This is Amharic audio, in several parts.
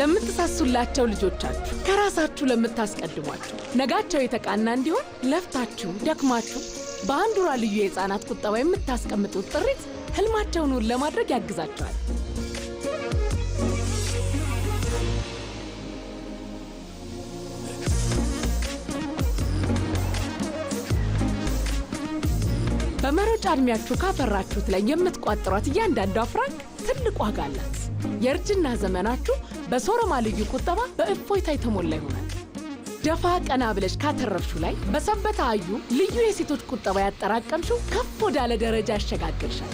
ለምትሳሱላቸው ልጆቻችሁ ከራሳችሁ ለምታስቀድሟቸው ነጋቸው የተቃና እንዲሆን ለፍታችሁ ደክማችሁ በአንዱራ ልዩ የህፃናት ቁጠባ የምታስቀምጡት ጥሪት ህልማቸውን ለማድረግ ያግዛቸዋል። በመሮጫ ዕድሜያችሁ ካፈራችሁት ላይ የምትቋጥሯት እያንዳንዷ ፍራንክ ትልቅ ዋጋ አላት። የእርጅና ዘመናችሁ በሶረማ ልዩ ቁጠባ በእፎይታ የተሞላ ይሆናል። ደፋ ቀና ብለሽ ካተረፍሹ ላይ በሰበታ አዩ ልዩ የሴቶች ቁጠባ ያጠራቀምሽው ከፍ ወዳለ ደረጃ ያሸጋግርሻል።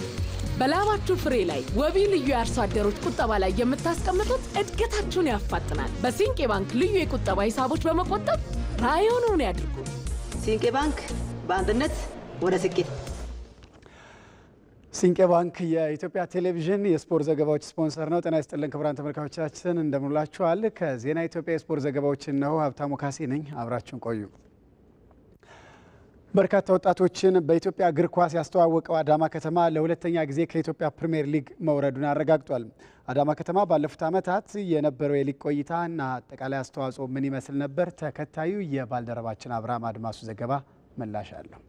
በላባችሁ ፍሬ ላይ ወቢ ልዩ የአርሶ አደሮች ቁጠባ ላይ የምታስቀምጡት እድገታችሁን ያፋጥናል። በሲንቄ ባንክ ልዩ የቁጠባ ሂሳቦች በመቆጠብ ራዮኑን ያድርጉ። ሲንቄ ባንክ በአንድነት ወደ ስኬት ሲንቄ ባንክ የኢትዮጵያ ቴሌቪዥን የስፖርት ዘገባዎች ስፖንሰር ነው። ጤና ይስጥልን ክቡራን ተመልካቾቻችን እንደምንላችኋል። ከዜና ኢትዮጵያ የስፖርት ዘገባዎች ነው። ሀብታሙ ካሴ ነኝ። አብራችን ቆዩ። በርካታ ወጣቶችን በኢትዮጵያ እግር ኳስ ያስተዋወቀው አዳማ ከተማ ለሁለተኛ ጊዜ ከኢትዮጵያ ፕሪምየር ሊግ መውረዱን አረጋግጧል። አዳማ ከተማ ባለፉት ዓመታት የነበረው የሊግ እና አጠቃላይ አስተዋጽኦ ምን ይመስል ነበር? ተከታዩ የባልደረባችን አብርሃም አድማሱ ዘገባ ምላሽ አለው።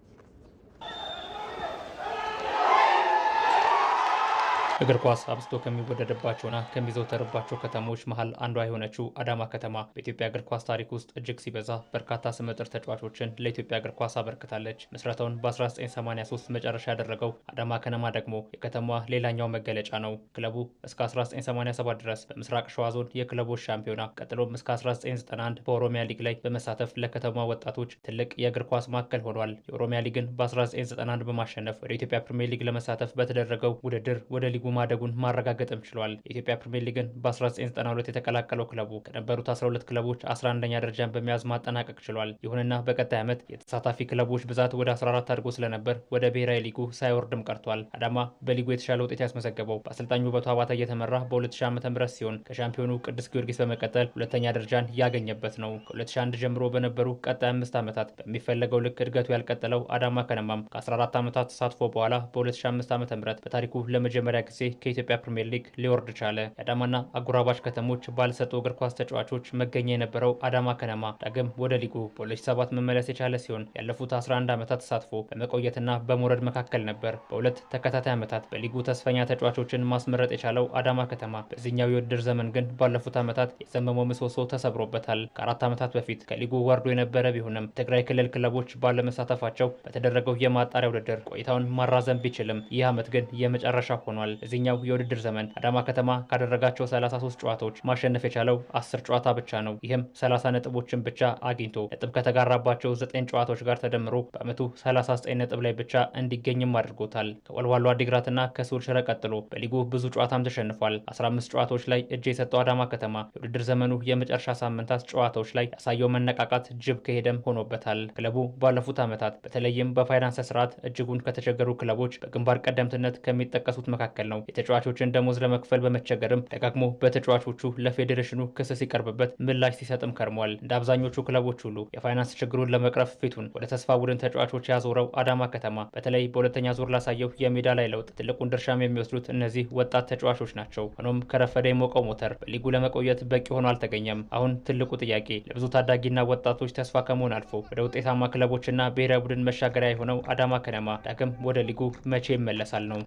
እግር ኳስ አብዝቶ ከሚወደድባቸውና ከሚዘውተርባቸው ከተሞች መሀል አንዷ የሆነችው አዳማ ከተማ በኢትዮጵያ እግር ኳስ ታሪክ ውስጥ እጅግ ሲበዛ በርካታ ስመጥር ተጫዋቾችን ለኢትዮጵያ እግር ኳስ አበርክታለች። ምስረታውን በ1983 መጨረሻ ያደረገው አዳማ ከነማ ደግሞ የከተማዋ ሌላኛው መገለጫ ነው። ክለቡ እስከ 1987 ድረስ በምስራቅ ሸዋ ዞን የክለቦች ሻምፒዮና ቀጥሎም እስከ 1991 በኦሮሚያ ሊግ ላይ በመሳተፍ ለከተማ ወጣቶች ትልቅ የእግር ኳስ ማዕከል ሆኗል። የኦሮሚያ ሊግን በ1991 በማሸነፍ ወደ ኢትዮጵያ ፕሪምየር ሊግ ለመሳተፍ በተደረገው ውድድር ወደ ሊጉ ማደጉን ማረጋገጥም ችሏል። የኢትዮጵያ ፕሪምየር ሊግን በ1992 የተቀላቀለው ክለቡ ከነበሩት 12 ክለቦች 11ኛ ደረጃን በመያዝ ማጠናቀቅ ችሏል። ይሁንና በቀጣይ ዓመት የተሳታፊ ክለቦች ብዛት ወደ 14 አድጎ ስለነበር ወደ ብሔራዊ ሊጉ ሳይወርድም ቀርቷል። አዳማ በሊጉ የተሻለ ውጤት ያስመዘገበው በአሰልጣኝ ውበቱ አባተ እየተመራ በ2000 ዓ ም ሲሆን ከሻምፒዮኑ ቅዱስ ጊዮርጊስ በመቀጠል ሁለተኛ ደረጃን ያገኘበት ነው። ከ2001 ጀምሮ በነበሩ ቀጣይ አምስት ዓመታት በሚፈለገው ልክ እድገቱ ያልቀጠለው አዳማ ከነማም ከ14 ዓመታት ተሳትፎ በኋላ በ2005 ዓ ም በታሪኩ ለመጀመሪያ ጊዜ ደርሴ ከኢትዮጵያ ፕሪምየር ሊግ ሊወርድ ቻለ። የአዳማና አጎራባች ከተሞች ባልሰጡ እግር ኳስ ተጫዋቾች መገኛ የነበረው አዳማ ከነማ ዳግም ወደ ሊጉ በሁለት ሰባት መመለስ የቻለ ሲሆን ያለፉት 11 ዓመታት ተሳትፎ በመቆየትና በመውረድ መካከል ነበር። በሁለት ተከታታይ ዓመታት በሊጉ ተስፈኛ ተጫዋቾችን ማስመረጥ የቻለው አዳማ ከተማ በዚህኛው የውድድር ዘመን ግን ባለፉት ዓመታት የዘመመው ምሰሶ ተሰብሮበታል። ከአራት ዓመታት በፊት ከሊጉ ወርዶ የነበረ ቢሆንም ትግራይ ክልል ክለቦች ባለመሳተፋቸው በተደረገው የማጣሪያ ውድድር ቆይታውን ማራዘም ቢችልም ይህ ዓመት ግን የመጨረሻ ሆኗል። በዚህኛው የውድድር ዘመን አዳማ ከተማ ካደረጋቸው 33 ጨዋታዎች ማሸነፍ የቻለው 10 ጨዋታ ብቻ ነው። ይህም 30 ነጥቦችን ብቻ አግኝቶ ነጥብ ከተጋራባቸው 9 ጨዋታዎች ጋር ተደምሮ በአመቱ 39 ነጥብ ላይ ብቻ እንዲገኝም አድርጎታል። ከወልዋሎ አዲግራትና ከስውል ሽረ ቀጥሎ በሊጉ ብዙ ጨዋታም ተሸንፏል። 15 ጨዋታዎች ላይ እጅ የሰጠው አዳማ ከተማ የውድድር ዘመኑ የመጨረሻ ሳምንታት ጨዋታዎች ላይ ያሳየው መነቃቃት ጅብ ከሄደም ሆኖበታል። ክለቡ ባለፉት ዓመታት በተለይም በፋይናንስ ስርዓት እጅጉን ከተቸገሩ ክለቦች በግንባር ቀደምትነት ከሚጠቀሱት መካከል ነው። ነው። የተጫዋቾችን ደሞዝ ለመክፈል በመቸገርም ደጋግሞ በተጫዋቾቹ ለፌዴሬሽኑ ክስ ሲቀርብበት ምላሽ ሲሰጥም ከርሟል። እንደ አብዛኞቹ ክለቦች ሁሉ የፋይናንስ ችግሩን ለመቅረፍ ፊቱን ወደ ተስፋ ቡድን ተጫዋቾች ያዞረው አዳማ ከተማ በተለይ በሁለተኛ ዙር ላሳየው የሜዳ ላይ ለውጥ ትልቁን ድርሻም የሚወስዱት እነዚህ ወጣት ተጫዋቾች ናቸው። ሆኖም ከረፈደ የሞቀው ሞተር በሊጉ ለመቆየት በቂ ሆኖ አልተገኘም። አሁን ትልቁ ጥያቄ ለብዙ ታዳጊና ወጣቶች ተስፋ ከመሆን አልፎ ወደ ውጤታማ ክለቦችና ብሔራዊ ቡድን መሻገሪያ የሆነው አዳማ ከነማ ዳግም ወደ ሊጉ መቼ ይመለሳል ነው።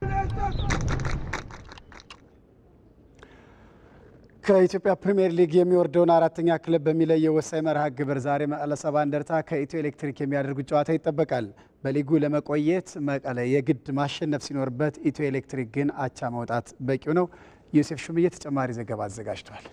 ከኢትዮጵያ ፕሪምየር ሊግ የሚወርደውን አራተኛ ክለብ በሚለየው ወሳኝ መርሃ ግብር ዛሬ መቀለ ሰባ እንደርታ ከኢትዮ ኤሌክትሪክ የሚያደርጉት ጨዋታ ይጠበቃል። በሊጉ ለመቆየት መቀለ የግድ ማሸነፍ ሲኖርበት፣ ኢትዮ ኤሌክትሪክ ግን አቻ መውጣት በቂው ነው። ዮሴፍ ሹምዬ ተጨማሪ ዘገባ አዘጋጅቷል።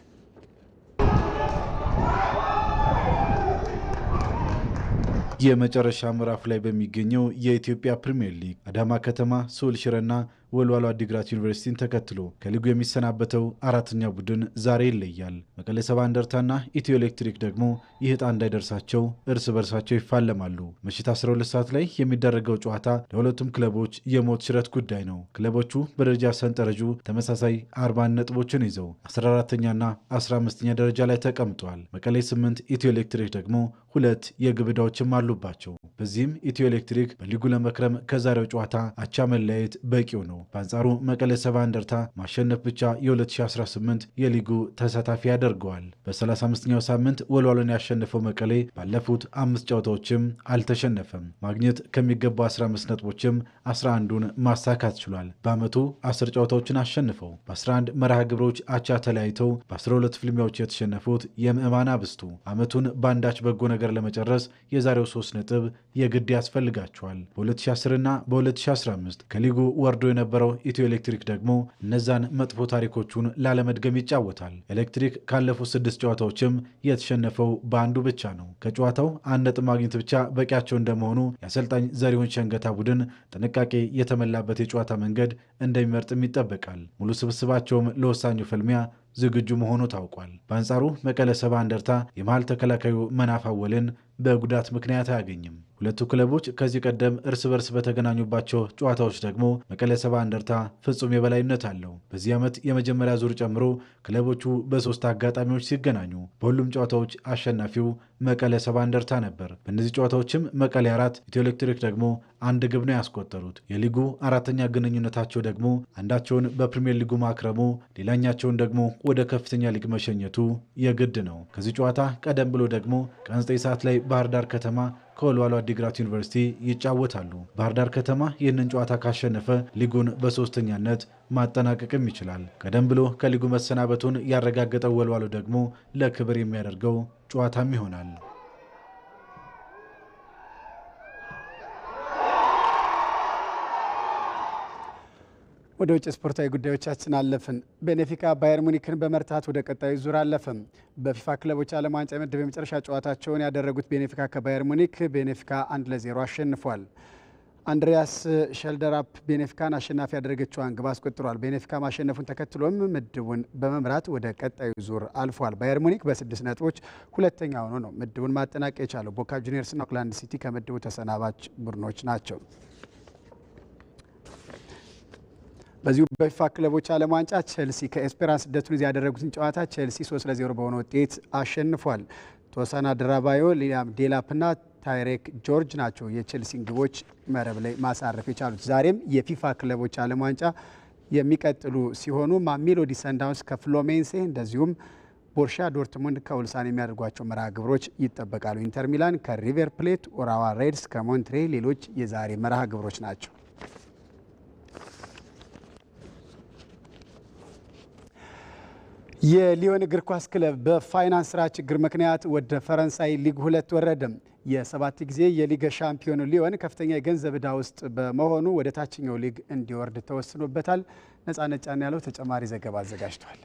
የመጨረሻ ምዕራፍ ላይ በሚገኘው የኢትዮጵያ ፕሪምየር ሊግ አዳማ ከተማ ሶል ሽረና ወልዋሎ አዲግራት ዩኒቨርሲቲን ተከትሎ ከሊጉ የሚሰናበተው አራተኛ ቡድን ዛሬ ይለያል። መቀሌ ሰባ እንደርታና ኢትዮ ኤሌክትሪክ ደግሞ ይህ ዕጣ እንዳይደርሳቸው እርስ በርሳቸው ይፋለማሉ። ምሽት 12 ሰዓት ላይ የሚደረገው ጨዋታ ለሁለቱም ክለቦች የሞት ሽረት ጉዳይ ነው። ክለቦቹ በደረጃ ሰንጠረዡ ተመሳሳይ 40 ነጥቦችን ይዘው 14ተኛና 15ኛ ደረጃ ላይ ተቀምጧል። መቀሌ 8 ኢትዮ ኤሌክትሪክ ደግሞ ሁለት የግብ ዕዳዎችም አሉባቸው። በዚህም ኢትዮ ኤሌክትሪክ በሊጉ ለመክረም ከዛሬው ጨዋታ አቻ መለያየት በቂው ነው። ነው። በአንጻሩ መቀሌ ሰባ እንደርታ ማሸነፍ ብቻ የ2018 የሊጉ ተሳታፊ ያደርገዋል። በ35ኛው ሳምንት ወልዋሎን ያሸነፈው መቀሌ ባለፉት አምስት ጨዋታዎችም አልተሸነፈም። ማግኘት ከሚገባው 15 ነጥቦችም 11ዱን ማሳካት ችሏል። በዓመቱ 10 ጨዋታዎችን አሸንፈው በ11 መርሃ ግብሮች አቻ ተለያይተው በ12 ፍልሚያዎች የተሸነፉት የምዕማን አብስቱ ዓመቱን በአንዳች በጎ ነገር ለመጨረስ የዛሬው 3 ነጥብ የግድ ያስፈልጋቸዋል። በ2010ና በ2015 ከሊጉ ወርዶ የነበ የነበረው ኢትዮ ኤሌክትሪክ ደግሞ እነዛን መጥፎ ታሪኮቹን ላለመድገም ይጫወታል። ኤሌክትሪክ ካለፉት ስድስት ጨዋታዎችም የተሸነፈው በአንዱ ብቻ ነው። ከጨዋታው አንድ ነጥብ ማግኘት ብቻ በቂያቸው እንደመሆኑ የአሰልጣኝ ዘሪሁን ሸንገታ ቡድን ጥንቃቄ የተሞላበት የጨዋታ መንገድ እንደሚመርጥም ይጠበቃል። ሙሉ ስብስባቸውም ለወሳኙ ፍልሚያ ዝግጁ መሆኑ ታውቋል። በአንጻሩ መቀለ ሰባ እንደርታ የመሃል ተከላካዩ መናፋወልን በጉዳት ምክንያት አያገኝም። ሁለቱ ክለቦች ከዚህ ቀደም እርስ በርስ በተገናኙባቸው ጨዋታዎች ደግሞ መቀለ ሰባ እንደርታ ፍጹም የበላይነት አለው። በዚህ ዓመት የመጀመሪያ ዙር ጨምሮ ክለቦቹ በሶስት አጋጣሚዎች ሲገናኙ በሁሉም ጨዋታዎች አሸናፊው መቀለ ሰባ እንደርታ ነበር። በእነዚህ ጨዋታዎችም መቀሌ አራት፣ ኢትዮ ኤሌክትሪክ ደግሞ አንድ ግብ ነው ያስቆጠሩት። የሊጉ አራተኛ ግንኙነታቸው ደግሞ አንዳቸውን በፕሪምየር ሊጉ ማክረሙ፣ ሌላኛቸውን ደግሞ ወደ ከፍተኛ ሊግ መሸኘቱ የግድ ነው። ከዚህ ጨዋታ ቀደም ብሎ ደግሞ ቀን ሰዓት ላይ ባህር ዳር ከተማ ከወልዋሎ አዲግራት ዩኒቨርሲቲ ይጫወታሉ። ባህር ዳር ከተማ ይህንን ጨዋታ ካሸነፈ ሊጉን በሶስተኛነት ማጠናቀቅም ይችላል። ቀደም ብሎ ከሊጉ መሰናበቱን ያረጋገጠው ወልዋሎ ደግሞ ለክብር የሚያደርገው ጨዋታም ይሆናል። ወደ ውጭ ስፖርታዊ ጉዳዮቻችን አለፍን። ቤኔፊካ ባየር ሙኒክን በመርታት ወደ ቀጣዩ ዙር አለፈም። በፊፋ ክለቦች ዓለም ዋንጫ ምድብ የመጨረሻ ጨዋታቸውን ያደረጉት ቤኔፊካ ከባየር ሙኒክ ቤኔፊካ አንድ ለዜሮ አሸንፏል። አንድሪያስ ሸልደራፕ ቤኔፊካን አሸናፊ ያደረገችዋን ግብ አስቆጥሯል። ቤኔፊካ ማሸነፉን ተከትሎም ምድቡን በመምራት ወደ ቀጣዩ ዙር አልፏል። ባየር ሙኒክ በስድስት ነጥቦች ሁለተኛ ሆኖ ነው ምድቡን ማጠናቀቅ የቻለው። ቦካ ጁኒየርስና ኦክላንድ ሲቲ ከምድቡ ተሰናባች ቡድኖች ናቸው። በዚሁ በፊፋ ክለቦች ዓለም ዋንጫ ቸልሲ ከኤስፔራንስ ደ ቱኒዝ ያደረጉትን ጨዋታ ቸልሲ 3 ለ0 በሆነ ውጤት አሸንፏል። ቶሳና ድራባዮ፣ ሊያም ና ታይሬክ ጆርጅ ናቸው የቼልሲን ግቦች መረብ ላይ ማሳረፍ የቻሉት። ዛሬም የፊፋ ክለቦች ዓለም ዋንጫ የሚቀጥሉ ሲሆኑ ማሜሎዲ ሰንዳውንስ ከፍሎሜንሴ እንደዚሁም ቦርሻ ዶርትሙንድ ከውልሳን የሚያደርጓቸው መርሃ ግብሮች ይጠበቃሉ። ኢንተር ሚላን ከሪቨር ፕሌት፣ ኦራዋ ሬድስ ከሞንትሬ ሌሎች የዛሬ መርሃ ግብሮች ናቸው። የሊዮን እግር ኳስ ክለብ በፋይናንስ ስራ ችግር ምክንያት ወደ ፈረንሳይ ሊግ ሁለት ወረደም። የሰባት ጊዜ የሊግ ሻምፒዮን ሊዮን ከፍተኛ የገንዘብ ዕዳ ውስጥ በመሆኑ ወደ ታችኛው ሊግ እንዲወርድ ተወስኖበታል። ነጻነት ጫን ያለው ተጨማሪ ዘገባ አዘጋጅቷል።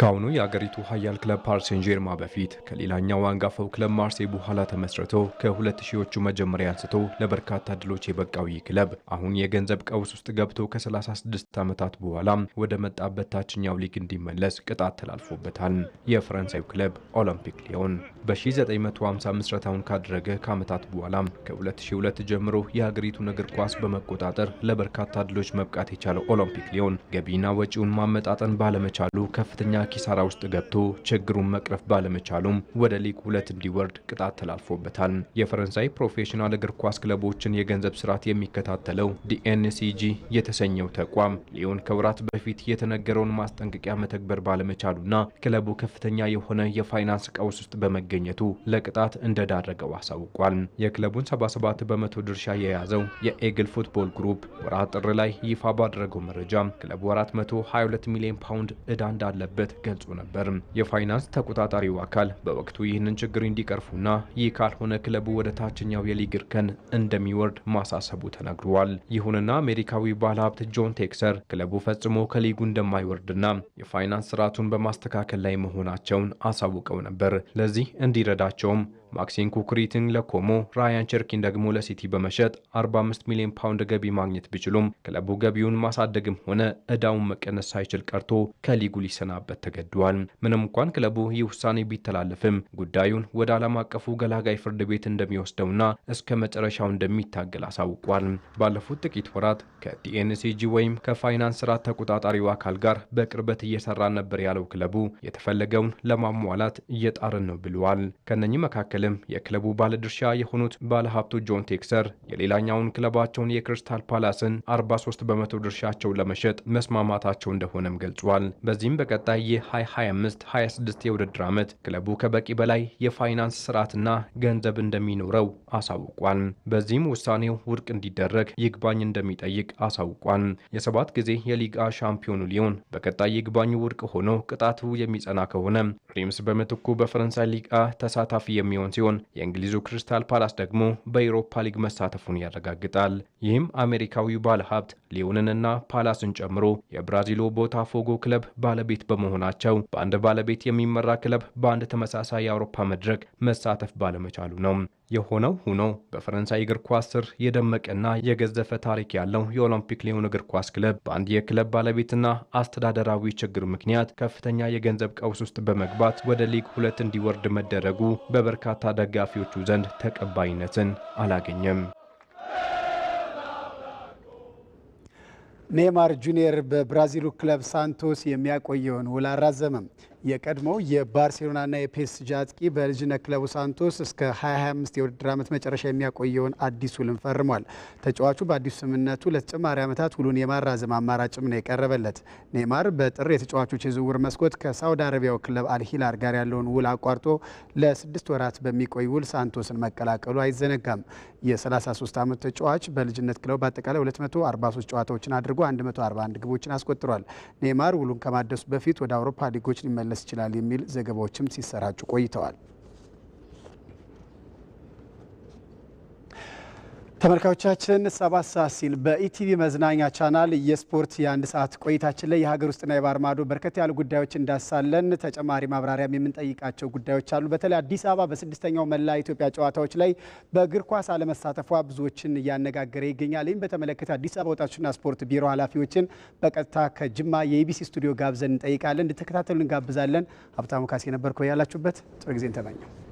ከአሁኑ የአገሪቱ ሀያል ክለብ ፓሪስ ሴን ጀርማ በፊት ከሌላኛው አንጋፋው ክለብ ማርሴይ በኋላ ተመስርቶ ከሁለት ሺዎቹ መጀመሪያ አንስቶ ለበርካታ ድሎች የበቃው ይህ ክለብ አሁን የገንዘብ ቀውስ ውስጥ ገብቶ ከ36 ዓመታት በኋላም ወደ መጣበት ታችኛው ሊግ እንዲመለስ ቅጣት ተላልፎበታል። የፈረንሳዩ ክለብ ኦሎምፒክ ሊዮን በ1950 ምስረታውን ካደረገ ከዓመታት በኋላ ከ2002 ጀምሮ የሀገሪቱን እግር ኳስ በመቆጣጠር ለበርካታ ድሎች መብቃት የቻለው ኦሎምፒክ ሊዮን ገቢና ወጪውን ማመጣጠን ባለመቻሉ ከፍተኛ ኪሳራ ውስጥ ገብቶ ችግሩን መቅረፍ ባለመቻሉም ወደ ሊግ ሁለት እንዲወርድ ቅጣት ተላልፎበታል። የፈረንሳይ ፕሮፌሽናል እግር ኳስ ክለቦችን የገንዘብ ስርዓት የሚከታተለው ዲኤንሲጂ የተሰኘው ተቋም ሊዮን ከወራት በፊት የተነገረውን ማስጠንቀቂያ መተግበር ባለመቻሉና ክለቡ ከፍተኛ የሆነ የፋይናንስ ቀውስ ውስጥ በመገኘቱ ለቅጣት እንደዳረገው አሳውቋል። የክለቡን 77 በመቶ ድርሻ የያዘው የኤግል ፉትቦል ግሩፕ ወራት ጥር ላይ ይፋ ባደረገው መረጃ ክለቡ 422 ሚሊዮን ፓውንድ እዳ እንዳለበት ገልጾ ነበር። የፋይናንስ ተቆጣጣሪው አካል በወቅቱ ይህንን ችግር እንዲቀርፉና ይህ ካልሆነ ክለቡ ወደ ታችኛው የሊግ እርከን እንደሚወርድ ማሳሰቡ ተነግሯል። ይሁንና አሜሪካዊ ባለሀብት ጆን ቴክሰር ክለቡ ፈጽሞ ከሊጉ እንደማይወርድና የፋይናንስ ስርዓቱን በማስተካከል ላይ መሆናቸውን አሳውቀው ነበር። ለዚህ እንዲረዳቸውም ማክሲን ኩክሪትን ለኮሞ ራያን ቸርኪን ደግሞ ለሲቲ በመሸጥ 45 ሚሊዮን ፓውንድ ገቢ ማግኘት ቢችሉም ክለቡ ገቢውን ማሳደግም ሆነ እዳውን መቀነስ ሳይችል ቀርቶ ከሊጉ ሊሰናበት ተገዷል። ምንም እንኳን ክለቡ ይህ ውሳኔ ቢተላለፍም ጉዳዩን ወደ ዓለም አቀፉ ገላጋይ ፍርድ ቤት እንደሚወስደውና እስከ መጨረሻው እንደሚታገል አሳውቋል። ባለፉት ጥቂት ወራት ከቲኤንሲጂ ወይም ከፋይናንስ ስርዓት ተቆጣጣሪው አካል ጋር በቅርበት እየሰራ ነበር ያለው ክለቡ የተፈለገውን ለማሟላት እየጣርን ነው ብለዋል። ከነኚህ መካከል መካከልም የክለቡ ባለድርሻ የሆኑት ባለሀብቱ ጆን ቴክሰር የሌላኛውን ክለባቸውን የክሪስታል ፓላስን 43 በመቶ ድርሻቸው ለመሸጥ መስማማታቸው እንደሆነም ገልጿል። በዚህም በቀጣይ የ2025 26 የውድድር ዓመት ክለቡ ከበቂ በላይ የፋይናንስ ስርዓትና ገንዘብ እንደሚኖረው አሳውቋል። በዚህም ውሳኔው ውድቅ እንዲደረግ ይግባኝ እንደሚጠይቅ አሳውቋል። የሰባት ጊዜ የሊጋ ሻምፒዮኑ ሊዮን በቀጣይ ይግባኙ ውድቅ ሆኖ ቅጣቱ የሚጸና ከሆነ ሪምስ በምትኩ በፈረንሳይ ሊጋ ተሳታፊ የሚሆን የሚሆን ሲሆን የእንግሊዙ ክሪስታል ፓላስ ደግሞ በኢሮፓ ሊግ መሳተፉን ያረጋግጣል። ይህም አሜሪካዊው ባለሀብት ሊዮንንና ፓላስን ጨምሮ የብራዚሉ ቦታፎጎ ክለብ ባለቤት በመሆናቸው በአንድ ባለቤት የሚመራ ክለብ በአንድ ተመሳሳይ የአውሮፓ መድረክ መሳተፍ ባለመቻሉ ነው። የሆነው ሆኖ በፈረንሳይ እግር ኳስ ስር የደመቀና የገዘፈ ታሪክ ያለው የኦሎምፒክ ሊዮን እግር ኳስ ክለብ በአንድ የክለብ ባለቤትና አስተዳደራዊ ችግር ምክንያት ከፍተኛ የገንዘብ ቀውስ ውስጥ በመግባት ወደ ሊግ ሁለት እንዲወርድ መደረጉ በበርካታ ደጋፊዎቹ ዘንድ ተቀባይነትን አላገኘም። ኔይማር ጁኒየር በብራዚሉ ክለብ ሳንቶስ የሚያቆየውን ውል አራዘመም። የቀድሞው የባርሴሎናና የፔስጂ አጥቂ በልጅነት ክለቡ ሳንቶስ እስከ 2025 የውድድር ዓመት መጨረሻ የሚያቆየውን አዲስ ውልን ፈርሟል። ተጫዋቹ በአዲሱ ስምምነቱ ለተጨማሪ ዓመታት ውሉን የማራዘም አማራጭም ነው የቀረበለት። ኔይማር በጥር የተጫዋቾች የዝውውር መስኮት ከሳውዲ አረቢያው ክለብ አልሂላር ጋር ያለውን ውል አቋርጦ ለስድስት ወራት በሚቆይ ውል ሳንቶስን መቀላቀሉ አይዘነጋም። የ33 ዓመት ተጫዋች በልጅነት ክለቡ በአጠቃላይ 243 ጨዋታዎችን አድርጎ 141 ግቦችን አስቆጥሯል። ኔይማር ውሉን ከማደሱ በፊት ወደ አውሮፓ ሊጎች ሊመለስ ሊቀለበስ ይችላል የሚል ዘገባዎችም ሲሰራጩ ቆይተዋል። ተመልካዮቻችን ሰባት ሰዓት ሲል በኢቲቪ መዝናኛ ቻናል የስፖርት የአንድ ሰዓት ቆይታችን ላይ የሀገር ውስጥና የባህር ማዶ በርከት ያሉ ጉዳዮች እንዳሳለን ተጨማሪ ማብራሪያም የምንጠይቃቸው ጉዳዮች አሉ። በተለይ አዲስ አበባ በስድስተኛው መላ ኢትዮጵያ ጨዋታዎች ላይ በእግር ኳስ አለመሳተፏ ብዙዎችን እያነጋገረ ይገኛል። ይህም በተመለከተ አዲስ አበባ ወጣቶችና ስፖርት ቢሮ ኃላፊዎችን በቀጥታ ከጅማ የኢቢሲ ስቱዲዮ ጋብዘን እንጠይቃለን። እንድተከታተሉ እንጋብዛለን። ሀብታሙ ካሴ ነበርኩ። ያላችሁበት ጥሩ ጊዜ እንተመኘው።